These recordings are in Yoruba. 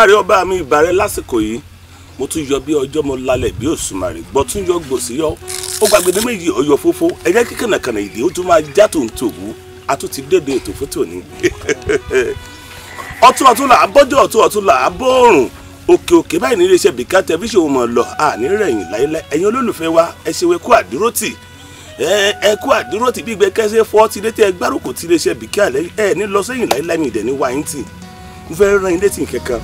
olódùmarè ọba mi ìbàrẹ lásìkò yìí mo tún yọ bí ọjọ́ mo lálẹ́ bí òṣùmàrè gbọ́ tún yọ gbòsí yọ ó gbàgbé méjì ọyọ fófó ẹ̀jẹ̀ kí ìdí ó tún máa já tòun tòwú a ti dédé ètò fótó ni ọtún ọtún là á bọ́jọ́ ọtún ọtún là á bọ́ọ̀rùn òkè òkè báyìí ní iléeṣẹ́ bìkà tẹlifíṣàn mọ̀ lọ àní rẹ̀yìn láíláí ẹ̀yin olólùfẹ́ wa ẹ ṣeun ẹ kú àdúrótì ẹ kú àdúrótì bí gbẹkẹsẹ fọ́ọ̀tì létí ẹgbàrúkù tí iléeṣẹ́ bìkà ẹ ní lọ sẹ́yìn láíláí mi ìdẹ̀ ní wáyìntì mo fẹ́ rán in létí nǹkan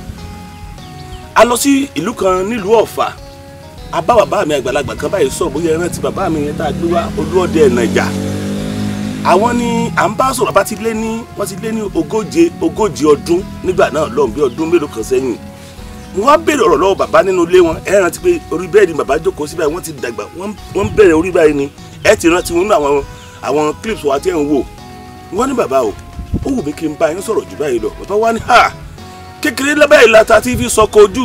a lọ sí ìlú kan nílùú ọ̀fà a bá bàbá mi àgbàlagbà kan báyìí sọ bóyá ẹran ti bàbá mi yẹn tá a gbé wá olúọdẹ ẹ̀nàjà àwọn ni à ń bá sọ̀rọ̀ bá ti lé ní wọ́n ti lé ní ogóje ogóje ọdún nígbà náà lọ́hùn bí ọdún mélòó kan sẹ́yìn wọ́n á béèrè ọ̀rọ̀ bàbá nínú ilé wọn ẹ rántí pé orí bẹ́ẹ̀dì bàbá jókòó síbẹ̀ wọ́n ti dàgbà wọ́n ń bẹ̀rẹ̀ orí báyìí ni ẹ ti rántí wọn nínú àwọn àwọn clips wa tẹ́ ń wò wọ́n ní bàbá o ó wù mí kí n bá yín sọ̀rọ̀ jù báyìí lọ bàbá wa ní ha kékeré lẹ́bàá ìlàta tí fi sọkọ ojú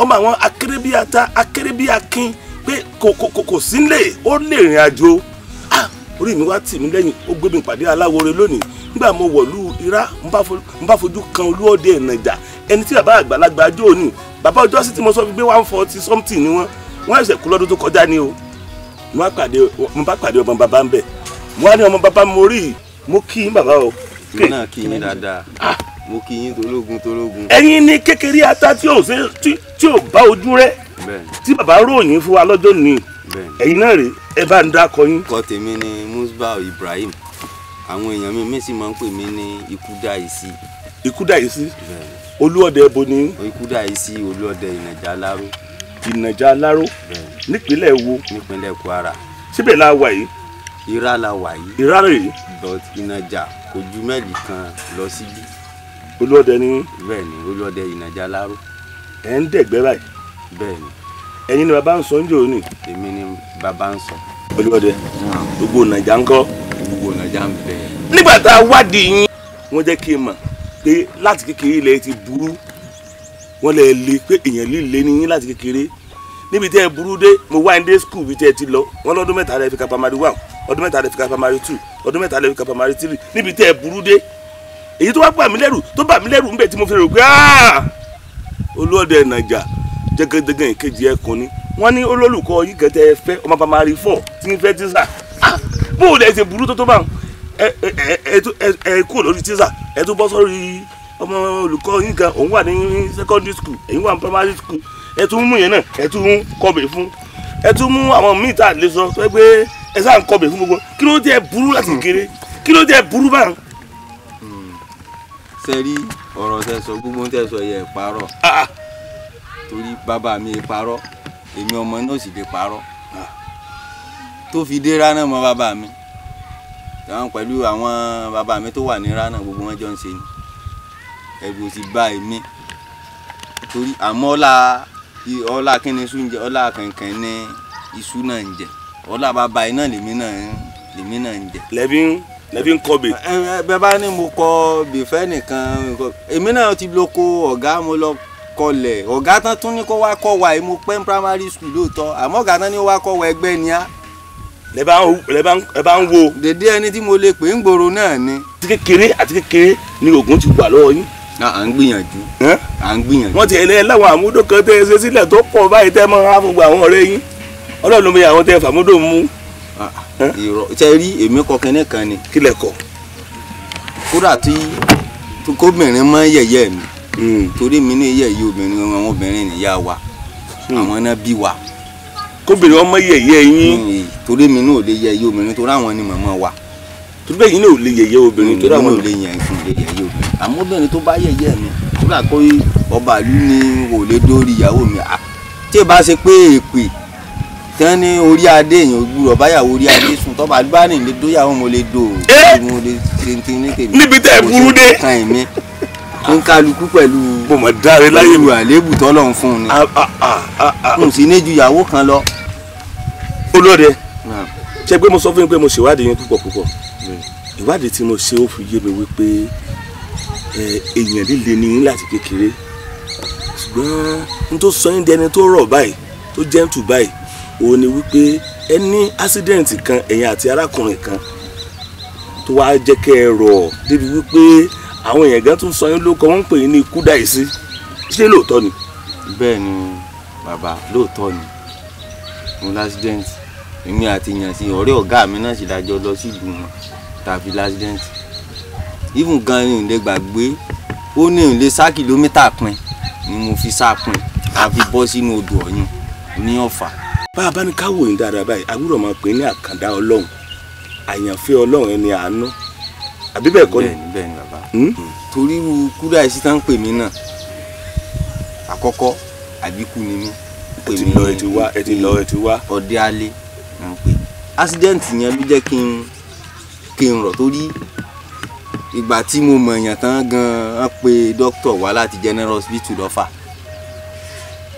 ọmọ àwọn akérébíata akérébíakin pé kò kò kò sí nílé ó lè rìn àjò ah orí mi wá tì mí lẹ́yìn ó gbé mi pàdé aláwọ̀re lónìí nígbà mo wọ̀lú ira n bá fojú kan olúọdẹ ẹ̀nàjà ẹni tí bàbá àgbàlagbà ajó òní bàbá ọjọ́ sí tí mo sọ fi gbé one forty something ni wọ́n wọ́n ẹ̀sẹ̀ kú lọ́dún tó kọjá ni o mo bá pàdé ọmọ bàbá ń bẹ̀ mo wá ní ọmọ bàbá mo rí mo kí bàbá o. mi náà kí yín dáadáa. Ah, mo kí yín tológun tológun. ẹ̀yin ní kékeré ata tí ò ṣe tí ò bá ojú rẹ tí bàbá ròyìn fún wa lọ́jọ́ ní ẹ̀yin náà rè ẹ bá ń dákọ yín. kọ tèmi ni Musbau Ibrahim àwọn èèyàn mi mi sì máa ń pè mí ní Ikúdàísí. isi olúọdẹ ebo ni. Ikúdàísí olúọdẹ ìnàjà aláró. ìnàjà aláró nípínlẹ̀ wo. nípínlẹ̀ Kwara. síbẹ̀ la wà yìí. ìrá la wà yìí. ìrá rè but ìnàjà kò ju mẹ́ẹ̀lì kan lọ síbí olúọdẹ ni. bẹ́ẹ̀ ni olúọdẹ ìnàjà láró. ẹ ń dẹgbẹ báyìí. bẹ́ẹ̀ ni. ẹ̀yin ni baba ń sọ níjó ni. èmi ni baba ń sọ. olúọdẹ gbogbo ìnàjà ń kọ́. gbogbo ìnàjà ń bẹ. nígbà tá a wádìí yín. wọ́n jẹ́ kí n mọ̀ pé láti kékeré ilẹ̀ ti burú wọ́n lè le pé èèyàn líle ní yín láti kékeré níbi tẹ́ ẹ burú dé mo wá ndé skul bí tẹ́ ẹ ti lọ wọ́n lọ́dún mẹ́ta rẹ̀ fi ka pamari one ọdún mẹ́ta rẹ̀ fi ka pamari two ọdún mẹ́ta rẹ̀ fi ka pamari three níbi tẹ́ ẹ burú dé èyí tó wá bà mí lẹ́rù tó bà mí lẹ́rù ńbẹ tí mo fi rò pé ah! olóòdè nàjà jẹgẹdẹgẹ ìkejì ẹkùn ni wọn ní olólùkọ yìí gẹtẹ fẹ ọmọ bàbá rí fọ tí ń fẹ tíṣà ah! bó o lẹ ṣe burú tó tó bá ẹ ẹ ẹ kúrò lórí tíṣà ẹ tó bọ́ sórí ọmọ olùkọ́ yìí kan òun wà ní secondary school èyí wà ní primary school ẹ tún mú yẹn náà ẹ tún kọbẹ fún ẹ tún mú àwọn míì tá a lè sọ pé ẹ sáà ń kọbẹ fún gbogbo kí ló dé burú láti hmm. kéré kí ló dé burú báyìí sẹ́rí ọ̀rọ̀ tẹ sọ gbogbo tẹ sọ yẹ parọ́ ah. torí bàbá mi parọ́ èmi ọmọ náà sì lè parọ́ ah. tó fi dé rana mọ́ bàbá mi àwọn pẹ̀lú àwọn bàbá mi tó wà ní rana gbogbo wọn jọ ń ṣe ni ẹ̀rù ò sì bá èmi torí àmọ́ ọlá ọlá kíni sùn jẹ ọlá kankan ní iṣu náà ń jẹ ọlá bàbá iná lèmi náà ń jẹ. lẹ́bí ń nẹbi ń kọbè. bẹ bá ní mo kọ bìfẹ́ nìkan èmi náà ti lọ ko ọ̀gá mo lọ kọlẹ̀ ọ̀gá tán tún ní kó wá kọ́ wa mo pẹ́ primary school lóòótọ́ àmọ́ ọ̀gá tán ní wá kọ́ wa ẹgbẹ́ ni á. lẹ bá ń wo. dèdè ẹni tí mo lè pè ń gbòòrò náà ni. àti kékeré àti kékeré ni oògùn ti wà lọ́wọ́ yín. à ń gbìyànjú. à ń gbìyànjú. wọ́n ti ẹ̀ lẹ́yìn láwọn àmúdó kan tẹ́ ẹ ṣe sílẹ̀ tó pọ̀ báyìí tẹ́ mọ́ àfọ̀gbọ̀ àwọn ọ̀rẹ́ yín ọlọ́run ló mi irọ́ ṣe rí èmi kọ kẹ́nẹ́ kan ni. kílẹ̀ kọ. kódà tí kóbìnrin máa ń yẹ̀yẹ́ mi hmm. torí mi ní yẹ̀yẹ́ obìnrin àwọn obìnrin nìyá wa hmm. àwọn náà bí wa. kóbìnrin ọmọ yẹ̀yẹ́ yín. Hmm. torí mi náà ò lè yẹ̀yẹ́ obìnrin torí àwọn ni màmá wa torí bẹ́ẹ̀ yín náà ò lè yẹ̀yẹ́ obìnrin torí àwọn ò lè yẹ̀yẹ́ obìnrin àmọ́ obìnrin tó bá yẹ̀yẹ́ mi kódà kó ọba ìlú ni wò lè dórí ìyàwó mi tí ì tán ní orí adé èèyàn gbúrọ̀ báyàwó orí adé sùn tọ́ba bá ní ilé dóyà wọn mo lè do mo lè ṣe ní kíní tèmi. níbi tẹ́ ẹ burú dé. kan èmi ń kálukú pẹ̀lú. mo mọ̀ dáre láyé mi. àlébù tọ́lọ́run fún un ni. n sì ní ju ìyàwó kan lọ. olóde ṣe pé mo sọ fún yín pé mo ṣèwádìí yín púpọ̀ púpọ̀ ìwádìí tí mo ṣe ó fi yé mi wípé èèyàn líle ni yín láti kékeré ṣùgbọ́n n tó sọ yín dẹni tó rọ̀ báyìí tó jẹ́ǹtù báyìí òun ni wípé ẹ ní accident kan ẹ̀yin àti arákùnrin kan tó wáá jẹ́ kẹ́ ẹ rọ̀ débi wípé àwọn èèyàn gan tún sọ yín lóko wọ́n ń pè yín ní ikú dàísí ṣé lóòótọ́ ni. bẹ́ẹ̀ ni bàbá lóòótọ́ ni mo l'accident èmi àti èèyàn sí ọ̀rẹ́ ọ̀gá mi náà sì dájọ́ lọ sí ìlú wọn tàbí l'accident even gan ni ìlẹ̀ gbàgbé ó ní ìlẹ̀ sá kìlómítà pin ni mo fi sá pin àfi bọ́ sínú odò ọ̀yun ní ọ̀fà bá a bá ní káwò yín dáadáa báyìí agbúrò máa pè é ní àkàndá ọlọ́run àyànfẹ́ ọlọ́run ẹni àánú àbí bẹ́ẹ̀ kọ́ ni. bẹ́ẹ̀ni bẹ́ẹ̀ni bàbá hmm? Hmm. torí wu kúrẹ́ àìsí tá ń pè mí náà àkọ́kọ́ àbíkú ni mí. ẹ ti lọ ẹ ti wá ẹ ti hmm. lọ ẹ ti wá. ọdẹ alẹ ni n pè accident yẹn ló jẹ́ kí n kí n rọ̀ torí ìgbà tí mo mọ̀ èèyàn tán gan-an pé dókítà wá láti general hospital lọ́fà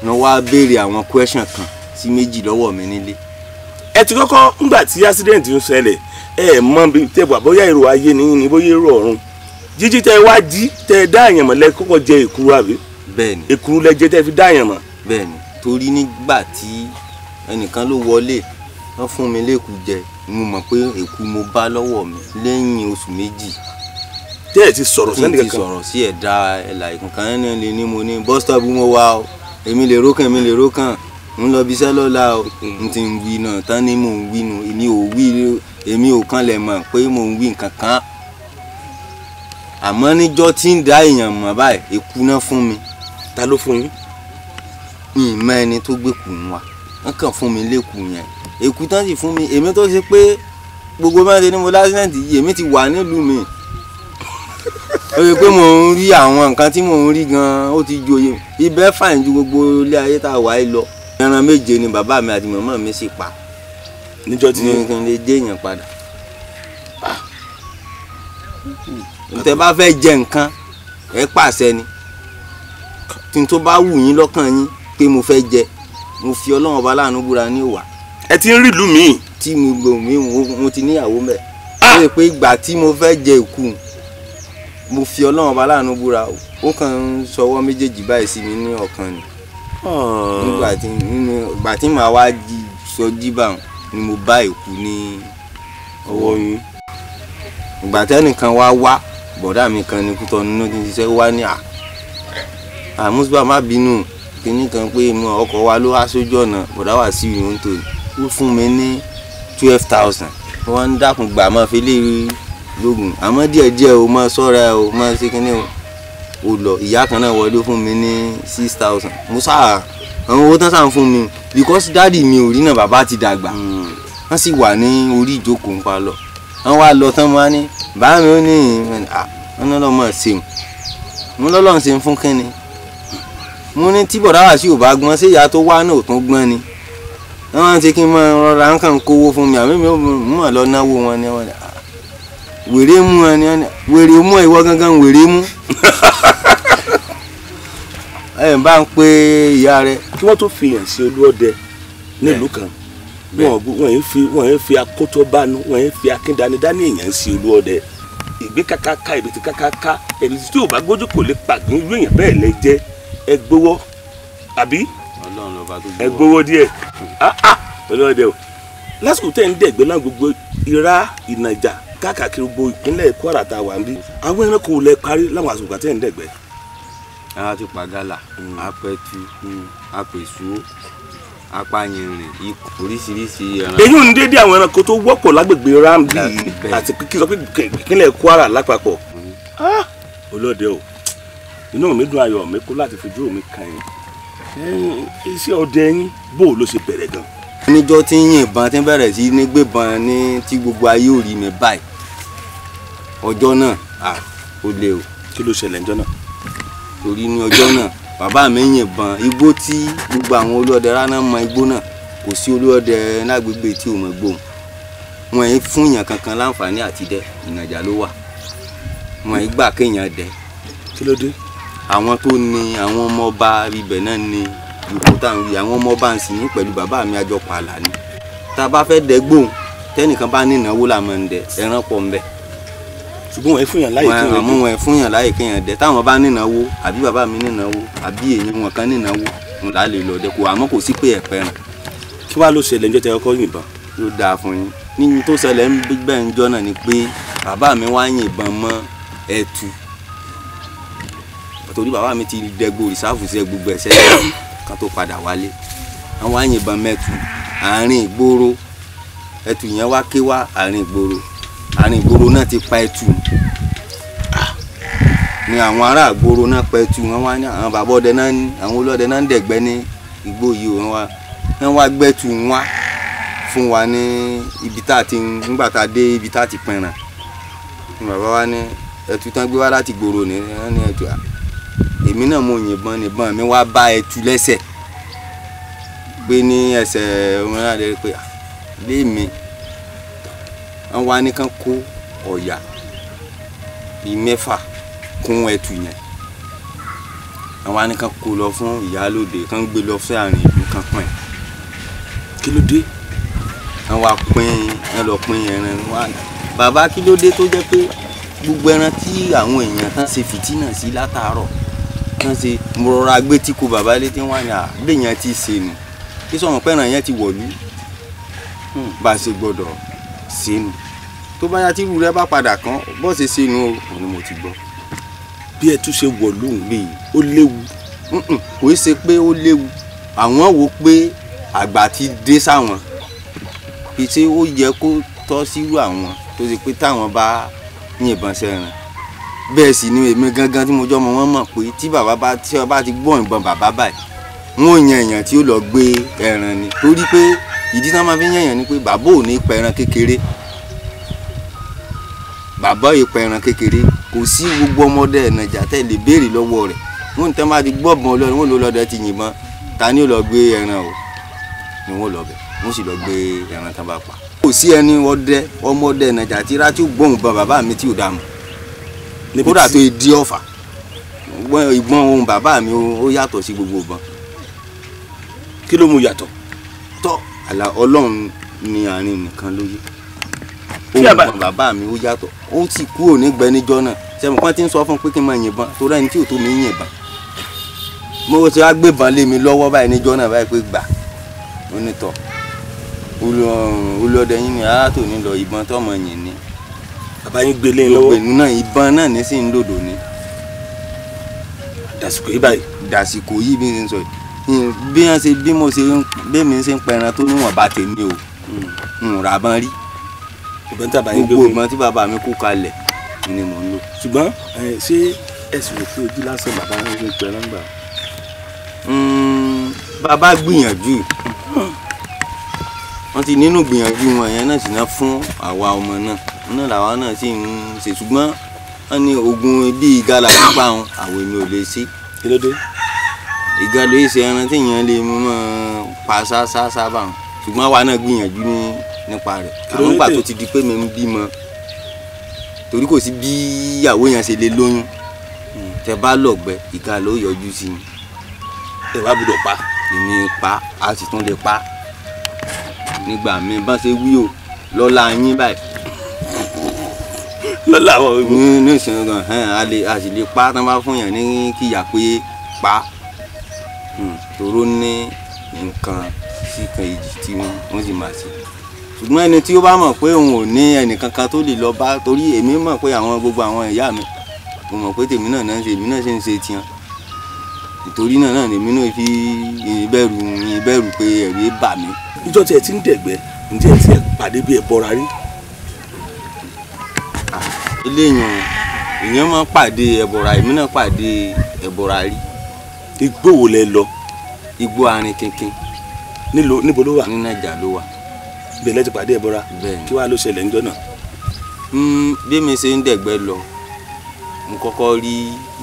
ni wọ́n á béèrè àwọn question kan sí méjì lọ́wọ́ mi nílé. ẹ ti kọ́kọ́ ńgbà tí accident ń ṣẹlẹ̀ ẹ mọ bí tẹ wà bóyá èrò ayé ni ni bóyá èrò ọ̀run jíjí tẹ wá jí tẹ dá àyàn mọ̀ lẹ kọ́kọ́ jẹ èkuru àbí. bẹ́ẹ̀ni èkuru lẹ jẹ tẹ fi dá àyàn mọ̀. bẹ́ẹ̀ni torí nígbà tí ẹnìkan ló wọlé wọn fún mi lẹkùn jẹ mo mọ̀ pé èkú mo bá lọ́wọ́ mi lẹ́yìn oṣù méjì tẹ́ ẹ̀ ti sọ̀rọ̀ sẹ́ni kankan tí n ti sọ̀rọ̀ sí ẹ̀dá ẹ̀là ìkankan ẹni lè ní mo ní bọ́sítọ̀bù mo wá o èmi lè rókàn èmi lè rókàn ń lọ bí iṣẹ́ lọ́la o n ti ń wí náà tán ni mò ń wí nu èmi ò wí èmi ò kanlẹ̀ mọ̀ pé mò ń wí nǹkan kan àmọ́ níjọ́ tí ń dá èèyàn mọ̀ báyìí èkú náà fún mi. ta ló fún yín. ìmọ̀ ẹni tó gbé kù ń wa wọ́n kàn fún mi lẹ́kùn yẹn èkú tán sì fún mi èmi tó ṣe pé gbogbo mẹ́rin ni mo lásìlẹ̀ǹtì yìí èmi ti wà nílùú mi ó yẹ pé mò ń rí àwọn nǹkan tí mò ń rí gan ó ti joyè ibẹ̀ fàìn ju gbogbo ilé ayé tá a wà á lọ ẹran méje ni bàbá mi àti màmá mi sì pa níjọ́ tí ní kí n lè dé èèyàn padà ntẹ bá fẹ́ jẹ nǹkan ẹ pàṣẹ ni tí n tó bá wù yín lọ́kàn yín pé mo fẹ́ jẹ mo fi ọlọ́run ọba láàánú búra ní ìwà. ẹ ti ń rí ìlú mi. tí mo gbò mí mo ti níyàwó mẹ. Ah! ó lè pé ìgbà tí mo fẹ́ jẹ ìkù mo fi ọlọ́run ọba láàánú búra ó kàn ń sọwọ́ méjèèjì báyìí sí mi ní ọkàn ni nígbà tí nínú ìgbà tí màá wá sọ jíbà ni mo bá ìkú ní ọwọ́ yín ìgbà tẹ́nìkan wá wá bọ̀dá mi kan ní kútọ́ nínú kí n ṣiṣẹ́ wá ní à àmúṣbà má bínú kíní kan pé mo ọkọ̀ wa ló wá sójú ọ̀nà bọ̀dá wà sí ìrìn tó ó fún mi ní twelve thousand wọ́n ń dákun gbà máa fi lè rí lógun àmọ́ díẹ̀díẹ̀ o máa ṣọ́ra o máa ṣe kíní o ó lọ ìyá kan náà wọlé fún mi ní six thousand mo sáà àwọn owó tán sáà fún mi because dáàdi mi ò rí náà bàbá ti dàgbà hmm. wọ́n sì wà ní orí ìjókòó ń pa lọ wọ́n wá lọ tán wọ́n á ní bàá mi ó ní ah, ọ̀nà lọ́mọ ṣeun mo lọ́lọ́run ṣe ń fún kínni mo ní tí bọ̀dá wà sí ò bá gbọ́n sí ìyá tó wá náà ò tún gbọ́n ni wọ́n máa ń ṣe kí n máa rọra ń kàn kówó fún mi àmì mi ò mọ̀ lọ náwó wọn ni wọ́n ah, wèrè mú wọn ni wèrè mú ìwọ gangan wèrè mú ẹ n bá ń pe ìyá rẹ kí wọ́n fi hàn sí olú nílùú kan fi wọn yẹn fi fi akíndani dání èèyàn sí olú ọdẹ ìgbé kakaka ka kakaka ìrètí tí ò bá gbójú kò lè pàgín irú èèyàn bẹ́ẹ̀ lè jẹ́ ẹ gbowó àbí ẹ gbowó díẹ̀ o lásìkò ń dẹ̀gbẹ́ gbogbo ìnàjà káàkiri gbogbo Kwara tá a wà àti pàgàlà hmm. apẹtu hmm, apẹsu apáyìnrìn ikùn oríṣiríṣi ẹran. èyí ò ní dédé àwọn ẹranko tó wọ́pọ̀ lágbègbè Rambi àti kíkọ́ pé Kwara lápapọ̀ hmm. ah! olóde o inú mi dùn ayọ̀ mi kó láti fojú mi kan yín iṣẹ́ ọdẹ yín bó ló ṣe bẹ̀rẹ̀ gan. níjọ́ tí ń yìnbọn tí ń bẹ̀rẹ̀ sí ní gbébọn ní tí gbogbo ayé ò rí mi báyìí ọjọ́ náà ó lé o. kí ló ṣẹlẹ̀ níjọ́ náà torí ní ọjọ́ náà bàbá mi yìnbọn igbó tí gbogbo àwọn olóòdẹ rárá mọ igbó náà kò sí olóòdẹ lágbègbè tí ò mọ igbó wọn yìí fún èèyàn kankan láǹfààní àti dẹ ìnàjà ló wà wọn yìí gbà kéèyàn dẹ. kí ló dé. àwọn tó ní àwọn ọmọ ọba ibẹ̀ náà ní ipò táwọn yìí àwọn ọmọ ọba ń sìn ní pẹ̀lú bàbá mi àjọpọ̀ àlà tá a bá fẹ́ dẹ gbóhùn tẹ́nìkan bá ní ìnáwó làmọ́ ń dẹ ẹran pọ̀ ń bẹ́ẹ̀ ṣùgbọ́n wọn fún yàn láyè kéèyàn dé. àmú wọn fún yàn láyè kéèyàn dé táwọn bá nínáwó àbí bàbá mi nínáwó àbí èyí wọn kan nínáwó wọn là lè lọ dé kó àmọ́ kò sí pé ẹ̀pẹ́ rìn. kí wàá ló ṣẹlẹ̀ níjọ́ tẹ ọkọ yìnbọn. yóò dáa fún yín níyìn tó ṣẹlẹ̀ ń bẹ́ẹ̀ ń jọ́ náà ni pé bàbá mi wá yìnbọn mọ́ ẹ̀tù torí bàbá mi ti dẹgbò rìsáàfù sí gbogbo ẹ̀sẹ̀ kan tó padà wálé àwọn àyìnbọn mẹ́tù àárín ìgboro ẹ̀tù yẹn wá ké wá àárín ìgboro àárín ìgboro náà ti pa ẹtù ni àwọn ará ìgboro náà pa ẹtù wọn wá ní àwọn bàbá ọdẹ náà ní àwọn olóòdẹ náà ń dẹ̀gbẹ́ ní igbó yìí wọn wá wọn wá gbẹ́tù wá fún wa ní ibi tá a ti ńgbà tá a dé ibi tá a ti pẹ̀ràn ni bàbá wa ní ẹtù tán gbé wá láti gbòòrò ní ní ẹtù èmi náà mo yìnbọn níbọn mi wá bá ẹtù lẹ́sẹ̀ gbé ní ẹsẹ̀ wọn náà lè pe lémi wọn wá nìkan kó ọ̀yà bíi mẹ́fà kún ẹtù yẹn wọn wá nìkan kó lọ fún ìyálòde kan gbé lọ fún àárín ìlú kan pọ̀ yẹn kí ló dé wọn wá pín wọn lọ pín ẹran wọn bàbá kí ló dé tó jẹ́ pé gbogbo ẹran tí àwọn èèyàn tán ṣe fìtínà sí látàárọ̀ tán ṣe mọ̀rọ̀ra gbé tí kò bàbá létí wọn ni àbẹ̀yẹn ti ṣe nù kí sọ̀rọ̀ pẹ́ràn yẹn ti wọ̀lú hmm, bá a ṣe gbọ́dọ̀ ṣe nu tó bá yá tí irú rẹ bá padà kán bó ṣe ṣe nu o ni mo ti gbọ́. bí ẹ tún ṣe wọ̀ lóhùn mi ó léwu kò í ṣe pé ó léwu àwọn wo pé àgbà ti dé sáwọn kì í ṣe ó yẹ kó tọ́ sírú àwọn tó ṣe pé táwọn bá yìnbọn sẹ́ran bẹ́ẹ̀ sì ni èmi gangan tí mo jọ́ mọ wọ́n mọ̀ pé tí bàbá bá tí ọba ti gbọ́ ìbọn bàbá báyìí wọn ò yan èèyàn tí ó lọ gbé ẹran ni torí pé ìdí tá máa fi ń yẹ̀yàn ni pé bàbá ò ní pẹran kékeré bàbá ò pẹran kékeré kò sí gbogbo ọmọdé ẹ̀nàjà tẹ̀ lè béèrè lọ́wọ́ rẹ̀ wọ́n ní tẹ́ máa ti gbọ́ ọ̀bọ̀n ọlọ́run wọ́n ló lọ́dẹ ti yìnbọn ta ni ó lọ gbé ẹran o ni wọ́n lọ bẹ̀ wọ́n sì lọ gbé ẹran tán bá pa. kò sí ẹni ọdẹ ọmọdé ẹ̀nàjà tí rátí gbóhùn bá bàbá mi tí ò dá mu kódà tó di ọ̀fà ìbọn ohun bàbá mi ó yàtọ̀ sí gbogbo ìbọn. kí ló mú yàtọ̀. tọ́ àlà ọlọ́run ni àárín nìkan ló yé ohun bàbá mi ó yàtọ̀ ó sì kúrò nígbẹ́níjọ́ náà sẹ́mi kan ti ń sọ fún pé kí n máa yìnbọn torí ẹni tí ò tó mi yìnbọn mo ti wá gbébọn lé mi lọ́wọ́ báyìí níjọ́ náà báyìí pé gbà onítọ̀ olùọdẹ yín ni aláàtò ní lọ ìbọn tọmọ yìí ni bàbá yín gbélé lọ́wọ́ ìlú náà ìbọn náà ní sí ń lòdò ni dàsìkò yìí báyìí dàsìkò yìí bí n sọ yìí Hmm, bí wọ́n ṣe bí mo ṣe bẹ́ẹ̀ mi ṣe ń pẹran tó níwọ̀nba tèmi o hmm, nra bọ́n rí gbogbo ìbọn tí bàbá mi kú kalẹ̀ ni mò ń lò. ṣùgbọ́n ṣé ẹ̀sìn rò pé ojú lásán bàbá wọn ṣe ń pẹran gbà. Hmm, bàbá gbìyànjú wọ́n ti nínú gbìyànjú wọn yẹn náà sì ná fún àwa ọmọ náà náà làwa náà sì ń ṣe ṣùgbọ́n wọ́n ní ogun bíi gàlà pípa àwọn èmi ò lè ṣe. kí ló dé ìgàdò ìṣe ẹran tí èèyàn lè mú mọ́ pa ṣáṣáṣá bá wọn ṣùgbọ́n àwa náà gbìyànjú ní nípa rẹ̀ àwọn ìgbà tó ti di pé mi ń bímọ torí kò sí bí ìyàwó yẹn ṣe lè lóyún hmm, tẹ bá lọ̀gbẹ ìka yọjú sí i ẹ wá gbọ́dọ̀ pa èmi pa á sì tún lè pa nígbà mi bá ṣe wí o lọ́la yín báyìí lọ́la àwọn ìwé ní ìsìn gan a sì lè pa tán bá fún yàn ní kíyà pé pa. Hmm, tòró ní nǹkan síkan èjì tí wọ́n sì máa ṣe ṣùgbọ́n ẹni tí ó bá mọ̀ pé òun ò ní ẹnìkankan tó lè lọ bá torí èmi mọ̀ pé àwọn gbogbo àwọn ìyá mi mo mọ̀ pé tèmi náà náà ṣe èmi náà ṣe ń ṣe tiwọn nítorí náà náà èmi náà fi ìbẹ̀rù ìbẹ̀rù pé ẹ̀rí bà mí. ìjọ tí ẹ ti ń dẹ̀gbẹ́ ǹjẹ́ ẹ ti pàdé bí ẹ bọ́ra rí. Ah, eléyìí èèyàn máa pàdé ẹ̀bọ̀ra èmi náà pàdé ẹ̀bọ̀ra rí igbó wo lẹ lọ. igbó arin kínkín. níbo ló wà. ní nàìjà ló wà. bẹ́ẹ̀ lẹ́tí pàdé ẹ̀ bọ́ra. bẹ́ẹ̀ kí wàá ló ṣẹlẹ̀ níjọ́ náà. Hmm, bí mi ṣe ń dẹ̀gbẹ́ lọ mo kọ́kọ́ rí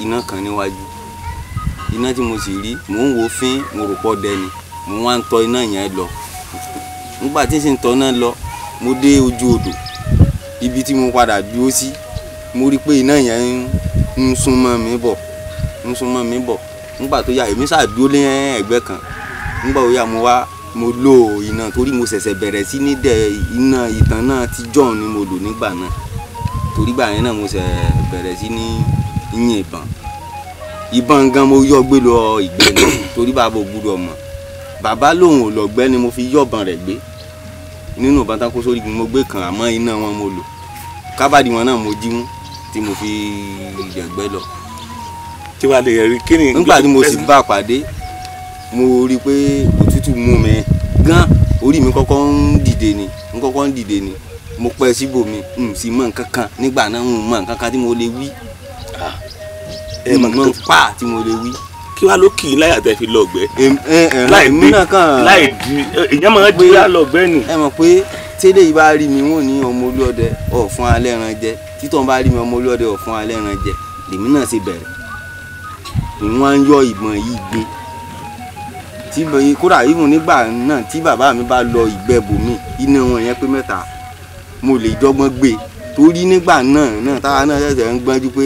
iná kan níwájú iná tí mo sì rí mò ń wo fín mo rò pọ̀ dẹni mo wá ń tọ iná yẹn lọ nígbà tí n sì ń tọ iná lọ mo dé ojú odò ibi tí mo padà dúró sí mo rí pé iná yẹn ń sún mọ́ mi bọ̀ ń sún mọ́ mi bọ̀ nígbà tó yá èmi sáà dúró lé ẹgbẹ́ kan nígbà tó yá mo wá mo lo iná torí mo ṣẹ̀ṣẹ̀ bẹ̀rẹ̀ sí ní dẹ̀ iná ìtàn náà ti john ni mo lò nígbà náà torí gbà yẹn náà mo ṣẹ̀ bẹ̀rẹ̀ sí ní yín ìbọn ìbọn gan mo yọ gbé lọ ìgbẹ́ náà torí bàbá ògbúdọ̀ mọ̀ bàbá lòun ò lọ́gbẹ́ ni mo fi yọ̀bọ̀n rẹ̀ gbé nínú ìbọn tán kó mo gbé kan àmọ́ iná wọn mo lò kábàdì wọn náà mo jí mú tí mo fi yẹ̀gbẹ́ lọ tí wàá lè rí kí ni. nígbà tí mo sì bá a pàdé mo rí i pé òtútù mú mi gan orí mi kọ́kọ́ ń dìde ni ń kọ́kọ́ ń dìde ni mo pẹ́ síbò mi n sì mọ̀ nǹkan kan nígbà náà n mọ̀ nǹkan kan tí mo lè wí ah, ẹ mọ̀ pa tí mo lè wí kí wàá ló kì í láyà tẹ fi lọgbẹ. láì di láì di ìyá máa di yá lọgbẹ nì. ẹ mọ̀ pé tẹ́lẹ̀ yìí bá rí mi wọ́n ní ọmọ ọ̀fun alẹ́ran jẹ títọ́ bá rí mi ọmọ ọ̀fun alẹ́ran jẹ lèmi náà sì bẹ̀rẹ̀ ni wọ́n ń yọ ìbọn yìí gbé tí kódà ìbùn nígbà náà tí bàbá mi bá lọ ìgbẹ́bù mi iná wọn yẹn pé mẹ́ta mo lè dọ́gbọ́n gbé torí nígbà náà náà táwa náà ṣẹ̀ṣẹ̀ ń gbọ́njú pé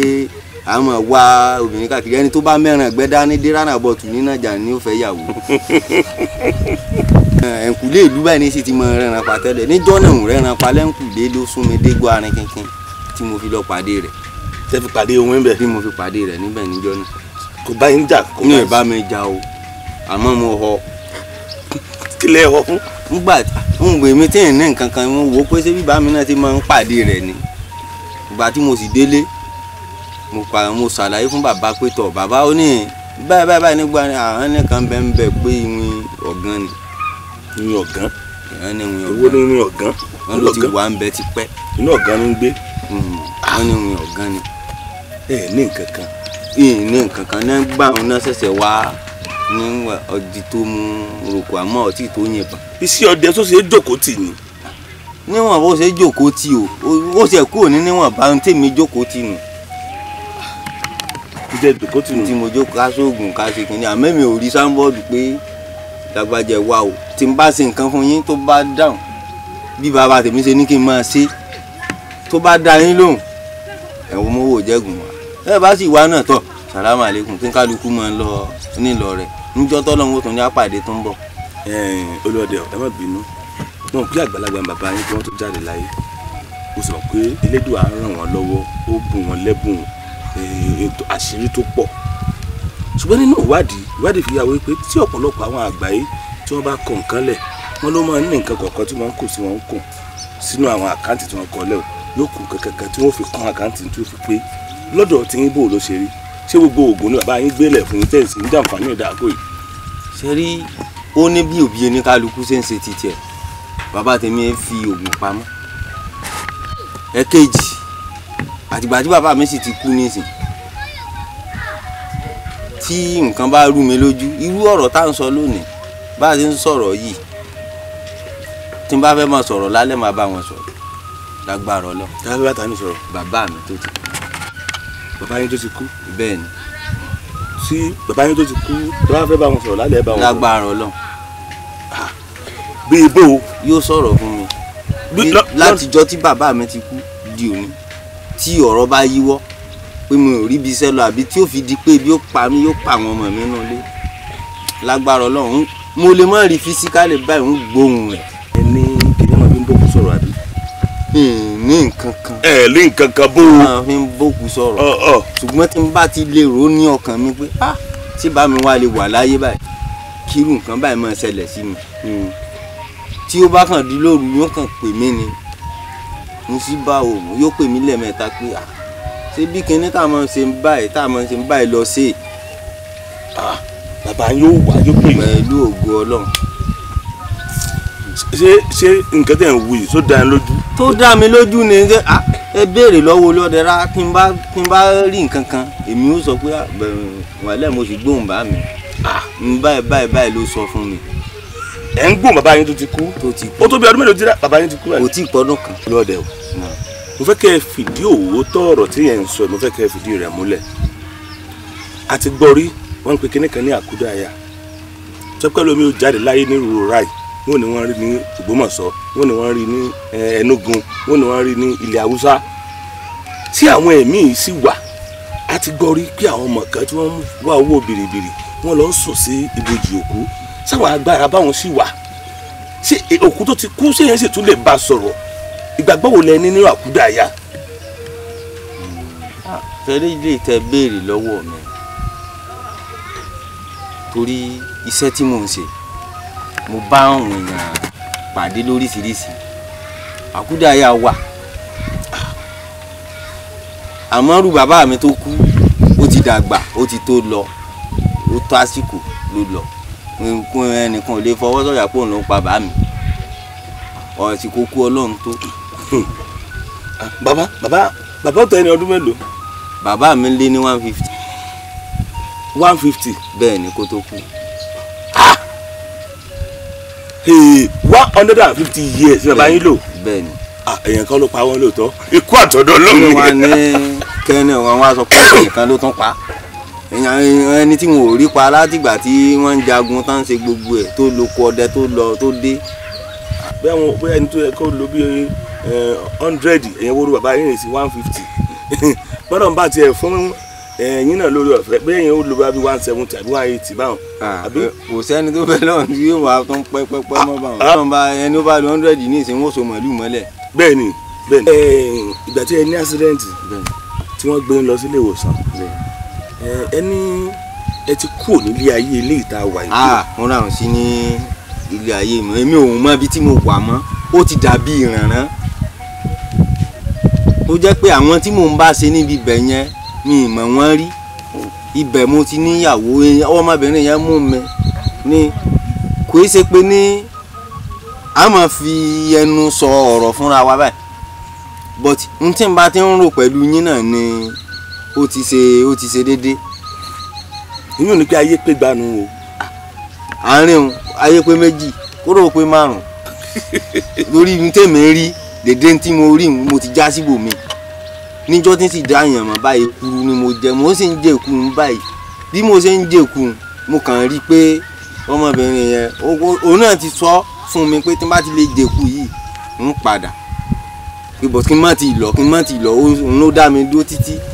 àmọ́ wá obìnrin káàkiri ẹni tó bá mẹ́ràn ẹgbẹ́ dání déránà bọ̀ tù nínà jà ní òfẹ́ yàwó ẹ̀ǹkùlé ìlú báyìí ní sì ti mọ rẹ̀ràn pa tẹ́lẹ̀ níjọ́ náà ń rẹ̀ràn pa lẹ́ǹkùlé ló sún mi dégbò arin kínkín tí mo fi lọ pàdé rẹ̀. tẹ́ fi pàdé ohun ẹ̀ bẹ̀. tí mo fi pàdé rẹ̀ níbẹ̀ níjọ́ náà kò bá yín jà kò ní ìbá mi jà o àmọ́ mo họ kílẹ̀ họ fún nígbà ń wè mí téèyàn ní nǹkan kan mo wò ó pé ṣé bíbá mi náà ti máa ń pàdé rẹ̀ ni ìgbà tí mo sì délé mo pa mo ṣàlàyé fún bàbá pé tọ̀ bàbá ó ní báyìí báyìí báyìí nígbà àwọn nìkan bẹ́ẹ̀ ń bẹ̀ pé ìwìn ọ̀gán ni. ìwìn ọ̀gán ìwìn ọ̀gán owó ní ìwìn ọ̀gán wọn ló ti wà ń bẹ tipẹ́. inú ọ̀gán ló ń gbé. Hmm, wọn ní ìwìn ọ̀gán ni. ẹ ní nǹkan kan ìní nǹkan kan náà gbà òun náà ṣẹ̀ṣẹ̀ wá ní ọdí tó mú roko àmọ́ ọtí tó yẹ̀bà. iṣẹ́ ọdẹ tó ṣe é jókòó tì ní. níwọ̀n bó ṣe é jókòó tì o ó ṣe kúrò ní níwọ̀n bá ohun tèmi jókòó tì nù. jíjẹ jókòó tì nù. tí mo jókòó ká sóògùn ká ṣe kìnìún àmẹ́mi ò rí sáńbọ́ọ̀dù pé dàgbàjẹ́ wa o tí n bá ṣe nǹkan fún yín tó bá dáhùn bí bàbá tèmi ṣe ní kí n máa ṣe tó bá dá yín lóhùn ẹ̀wọ̀n mo wò jẹ́gùn ẹ bá sì wá náà tọ sàlámù àlékún kí kálukú máa ń lọ nílọ rẹ níjọ tọlọ́run ó tún ní àpàdé tó ń bọ̀. olóòdè ẹ má bínú wọn kí àgbàlagbà bàbá yín kí wọn tó jáde láyé mo sọ pé elédùn á ràn wọn lọ́wọ́ ó bùn wọn lẹ́bùn eh, àṣírí tó pọ̀ ṣùgbọ́n nínú ìwádìí ìwádìí fi yàwó pé tí ọ̀pọ̀lọpọ̀ àwọn àgbáyé tí wọ́n bá kọ nǹkan lẹ̀ wọ́n ló máa ń ní nǹkan kọ̀ọ̀kan tí wọ́n ń kù sí wọn ń kù sínú àwọn àkáǹtì tí wọ́n kọ lẹ̀ yóò kù kẹ̀kẹ̀kẹ̀ tí wọ́n fi kún àkáǹtì tí ó fi pé lọ́dọ̀ tí yín bò ló ṣe rí ṣé gbogbo oògùn ni bàbá yín gbélé fún yín tẹ̀sí ń jàǹfààní ẹ̀dá àgọ́ yìí. ṣe rí ó ní bí òbí ẹni kálukú ṣe ń ṣe ti tiẹ̀ bàbá tèmi fi oògùn pamọ́ ẹ̀kejì àtìgbà tí bàbá mi sì ti kú nísìn tí nǹkan bá rú mi lójú irú ọ̀rọ̀ tá à ń sọ lónìí bá a ti ń sọ̀rọ̀ yìí tí n bá fẹ́ máa sọ̀rọ̀ lálẹ́ máa bá wọn sọ̀rọ̀ lágbára ọlọ́. tá a bá ta ni sọ̀rọ̀. bàbá mi tó ti kú bàbá yín tó ti kú. bẹ́ẹ̀ ni. tí bàbá yín tó ti kú tó bá fẹ́ bá wọn sọ̀rọ̀ lálẹ́ ẹ̀ bá wọn sọ̀rọ̀. lágbára Ọlọ́run. Ah, bí ibo. yóò sọ̀rọ̀ fún mi látijọ́ tí bàbá mi ti kú di òní tí ọ̀rọ̀ bá yíwọ́ pé mi ò rí ibi iṣẹ́ lọ àbí tí ó fi di pé ibi ó pa mí yóò pa àwọn ọmọ mi nù lé lágbára Ọlọ́run mo lè má rí fisikálì báyìí ń gbóhùn rẹ̀. ẹ ní kí ni wọn sọ̀rọ̀ àbí. ní nǹkan ẹ lé nǹkan kan bó. máa fi ń bókù sọ̀rọ̀ ṣùgbọ́n tí n bá ti lè rò ó ní ọkàn mi pé ah tí bá mi wá lè wà láyé báyìí kírù nǹkan báyìí máa ṣẹlẹ̀ sí mi hmm. tí ó bá kàn di lóru yóò kàn pè mí ni mo sì bá òun yóò pè mí lẹ́ẹ̀mẹ́ta pé ah ṣé bí kinní tá a máa ṣe ń báyìí tá a máa ṣe ń báyìí lọ sí ah bàbá yóò wá yóò pè mí. pẹ̀lú ògo ọlọ́run ṣé ṣé nǹkan tẹ̀ ń wuyì tó dá ẹ lójú. tó dá mi lójú ni ṣé ah ẹ béèrè lọ́wọ́ olódẹra kí n bá kí n bá rí nǹkan kan èmi ó sọ pé ah, wàhálà mo sì gbóhùn bá mi ah. n báyìí báyìí báyìí ló sọ fún mi. ẹ ń gbóhùn bàbá yín tó ti kú ó tó bí ọdún mélòó ti rà bàbá yín ti kú rà ní. kò tí ì pọdún kan. lọ́dẹ o mo fẹ́ kẹ́ ẹ fìdí òótọ́ ọ̀rọ̀ tí yẹn ń sọ mo fẹ́ kẹ́ ẹ fìdí rẹ̀ múlẹ̀ àti gbọ́rí wọ́n pe kinní kan ní àkúdàáyà tọ́pẹ́ lómi ó jáde láyé ní rúra yìí wọ́n ní wọ́n rí ní Ògbómọ̀ṣọ́ wọ́n ní wọ́n rí ní Ẹnugun eh, wọ́n ní wọ́n rí ní ilẹ̀ Haúsá tí àwọn ẹ̀mí yìí sì wà á ti gbọ́ rí pé àwọn ọmọ kan tí wọ́n wá owó bìrìbìrì wọ́n lọ sùn sí ibojì òkú sáwọn agbára báwọn sì wà ṣé òkú tó ti kú séyẹn sì tún lè bá a sọ̀rọ̀ ìgbàgbọ́ wo lẹ ní nínú àkúdàáyà. Ah, torí ilé tẹ béèrè lọ́wọ́ mi torí iṣẹ́ tí mò ń ṣe mo bá àwọn èèyàn pàdé lóríṣiríṣi àkúdàáyà wà àmọ́ rú bàbá mi tó kú ó ti dàgbà ó ti tó lọ ó tó àsìkò ló lọ nǹkan ẹnìkan ò lè fọwọ́ sọ̀yà pé òun ló ń pa bàá mi ọ̀rọ̀ tí kò kú ọlọ́run tó. bàbá bàbá bàbá ọ̀tọ̀ ẹni ọdún mélòó. bàbá mi lé ní one fifty. one fifty. bẹ́ẹ̀ ni kó tó kú. Eh, one hundred and fifty years bàbá yín lò ah, èèyàn kan ló pa wọn lóòótọ́ ikú àtọ̀dọ̀ lómi. wọn ní kẹ́ni wọn wá sọ pé èèyàn kan ló tún pa èèyàn ẹni tí wọn ò rí pa látìgbà tí wọ́n ń jagun tá ń ṣe gbogbo ẹ̀ tó lóko ọdẹ tó lọ tó dé. bẹ́ẹ̀ wọn bóyá ẹni tó yẹ kó lo bíi eh, hundred èèyàn wo ló bàbá yín rè sí one fifty bọ́dọ̀ ń bá tiẹ̀ fún ẹ̀yin eh, náà lórí ọ̀fẹ́ bẹ́ẹ̀ yẹn ó lo bá bí one seven tàbí one eighty báwọn. Ah, eh, kò sẹ́ni tó fẹ́ lọ́run tí yóò wá tó ń pẹ́ pẹ́ pẹ́ mọ́ báwọn lọ́run bá ẹni ó bá lo hundred ní ìsìn wọ́n so mọ̀lú mọ́lẹ̀. bẹ́ẹ̀ni bẹ́ẹ̀ni eh, ìgbà tí ẹ ní accident tí wọ́n gbé lọ sílé ìwòsàn ẹni ẹ ti kúrò nílé ayé ilé ìta wà yìí. Ah, wọ́n sí ní ilé ayé mi èmi ò mọ ibi tí mo wà mọ́ ó ti dàbí ìrànràn tó jẹ́ pé àwọn tí mò ń bá ṣe níbi bẹ̀ yẹn mi ì mọ̀ wọ́n rí ibẹ̀ mo ti níyàwó ọmọbìnrin yẹn mú mi ní kò í ṣe pé ní a máa fi ẹnu sọ ọ̀rọ̀ fúnra wa báyìí but n tí n bá ti ń rò pẹ̀lú yín náà ni ó ti ṣe ó ti ṣe déédéé. inú ni pé ayé pé gbanu o. àárín ayé pé méjì kóró pé márùn-ún lórí tèmi rí dédé tí mo rí mo ti já síbò mi níjọ́ tí ń sì dá yàn mọ́ báyìí kúrú ni mo jẹ mo sì ń jẹ kúrú báyìí bí mo ṣe ń jẹ kúrú mo kàn rí i pé ọmọbìnrin yẹn òun náà ti sọ fún mi pé tí n bá ti lè jẹ kúrú yìí ń padà ìbọ̀ kí n má ti lọ kí n má ti lọ òun ló dá mi dúró títí